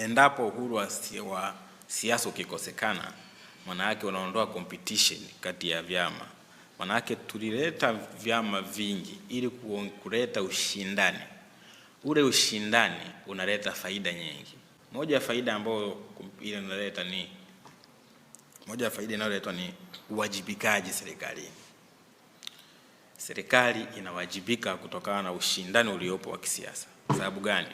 endapo uhuru wa siasa ukikosekana, manake unaondoa competition kati ya vyama. Manake tulileta vyama vingi ili kuleta ushindani. Ule ushindani unaleta faida nyingi. Moja ya faida ambayo ile inaleta ni moja ya faida inayoletwa ni uwajibikaji serikalini. Serikali inawajibika kutokana na ushindani uliopo wa kisiasa. Sababu gani?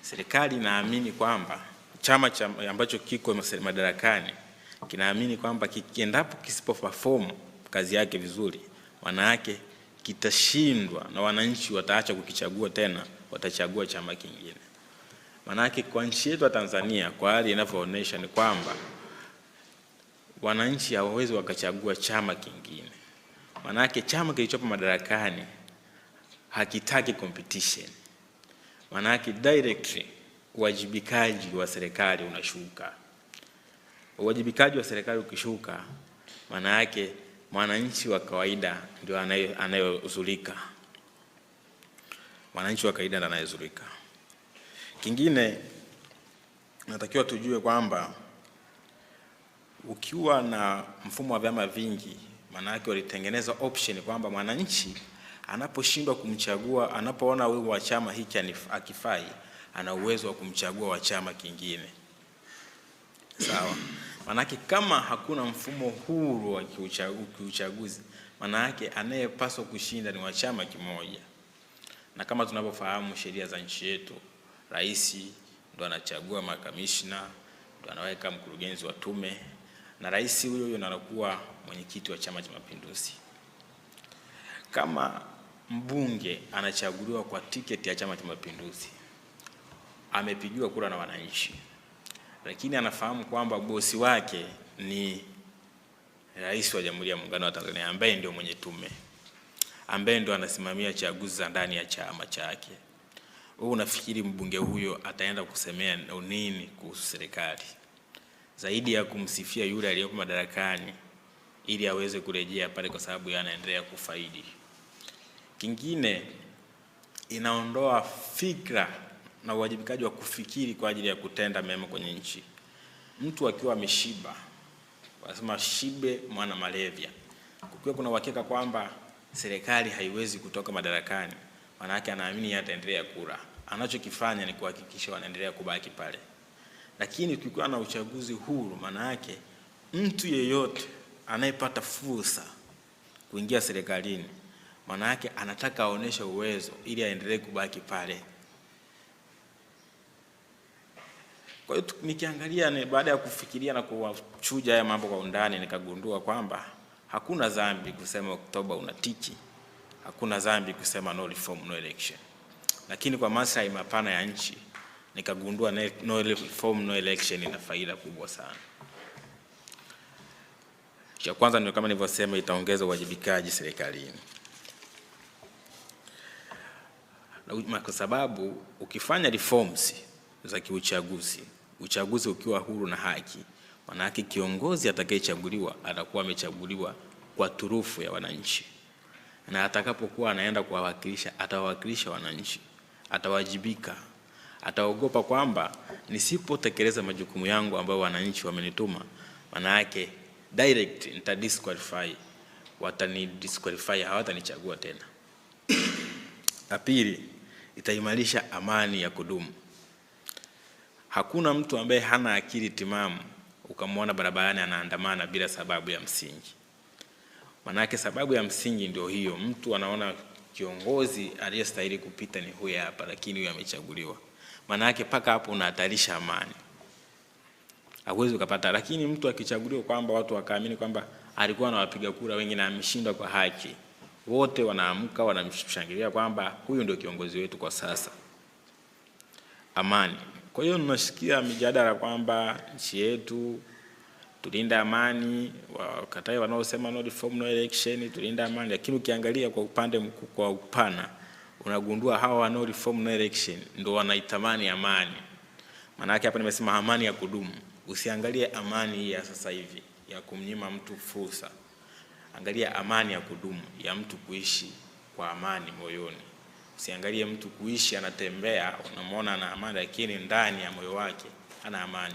serikali inaamini kwamba chama cha ambacho kiko madarakani kinaamini kwamba kiendapo kisipo perform kazi yake vizuri, wanawake kitashindwa na wananchi wataacha kukichagua tena, watachagua chama kingine. Maanake kwa nchi yetu ya Tanzania, kwa hali inavyoonyesha ni kwamba wananchi hawawezi wakachagua chama kingine, maanake chama kilichopo madarakani hakitaki competition. Maanake directly uwajibikaji wa serikali unashuka. Uwajibikaji wa serikali ukishuka, maana yake mwananchi wa kawaida ndio anayozulika, mwananchi wa kawaida ndio anayezulika. Kingine natakiwa tujue kwamba ukiwa na mfumo wa vyama vingi, maana yake walitengeneza option kwamba mwananchi anaposhindwa kumchagua, anapoona huyu wa chama hiki akifai, ana uwezo wa kumchagua wa chama kingine. Sawa? Manake kama hakuna mfumo huru wa kiuchaguzi, manake anayepaswa kushinda ni wa chama kimoja, na kama tunavyofahamu sheria za nchi yetu, rais ndo anachagua makamishna, ndo anaweka mkurugenzi wa tume, na rais huyo huyo anakuwa mwenyekiti wa Chama cha Mapinduzi kama mbunge anachaguliwa kwa tiketi ya Chama cha Mapinduzi, amepigiwa kura na wananchi, lakini anafahamu kwamba bosi wake ni Rais wa Jamhuri ya Muungano wa Tanzania ambaye ndio mwenye tume, ambaye ndio anasimamia chaguzi za ndani ya chama chake. Wewe unafikiri mbunge huyo ataenda kusemea nini kuhusu serikali zaidi ya kumsifia yule aliyeko madarakani ili aweze kurejea pale, kwa sababu yeye anaendelea kufaidi. Kingine inaondoa fikra na uwajibikaji wa kufikiri kwa ajili ya kutenda mema kwenye nchi. Mtu akiwa ameshiba, wanasema shibe mwana malevya. Kukiwa kuna uhakika kwamba serikali haiwezi kutoka madarakani, manake anaamini yeye ataendelea kura, anachokifanya ni kuhakikisha wanaendelea kubaki pale. Lakini tukikuwa na uchaguzi huru, maana yake mtu yeyote anayepata fursa kuingia serikalini maana yake anataka aoneshe uwezo ili aendelee kubaki pale. Kwa hiyo nikiangalia ni baada ya kufikiria na kuwachuja haya mambo kwa undani, nikagundua kwamba hakuna dhambi kusema Oktoba unatiki, hakuna dhambi kusema no reform no election, lakini kwa maslahi mapana ya nchi nikagundua no reform no election ina faida kubwa sana. Cha kwanza ndio kama nilivyosema, itaongeza uwajibikaji serikalini. kwa sababu ukifanya reforms za kiuchaguzi, uchaguzi ukiwa huru na haki, manake kiongozi atakayechaguliwa atakuwa amechaguliwa kwa turufu ya wananchi, na atakapokuwa anaenda kuwawakilisha atawawakilisha wananchi, atawajibika, ataogopa kwamba nisipotekeleza majukumu yangu ambayo wananchi wamenituma, manake direct nita disqualify, watani disqualify, hawatanichagua tena. La pili itaimarisha amani ya kudumu. Hakuna mtu ambaye hana akili timamu ukamwona barabarani anaandamana bila sababu ya msingi. Manake sababu ya msingi ndio hiyo, mtu anaona kiongozi aliyestahili kupita ni huyu hapa, lakini huyu amechaguliwa. Manake paka hapo unahatarisha amani, hawezi ukapata. Lakini mtu akichaguliwa kwamba watu wakaamini kwamba alikuwa anawapiga kura wengi na ameshindwa kwa haki wote wanaamka wanamshangilia kwamba huyu ndio kiongozi wetu kwa sasa, amani. Kwa hiyo tunasikia mijadala kwamba nchi yetu tulinde amani, wakatai wanaosema no reform no election, tulinda amani. Lakini ukiangalia kwa upande mku, kwa upana unagundua hawa no reform no election ndio wanaitamani amani. Maana yake hapa nimesema amani ya kudumu, usiangalie amani ya sasa hivi ya kumnyima mtu fursa. Angalia amani ya kudumu ya mtu kuishi kwa amani moyoni. Usiangalie mtu kuishi anatembea, unamwona ana amani, lakini ndani ya moyo wake ana amani.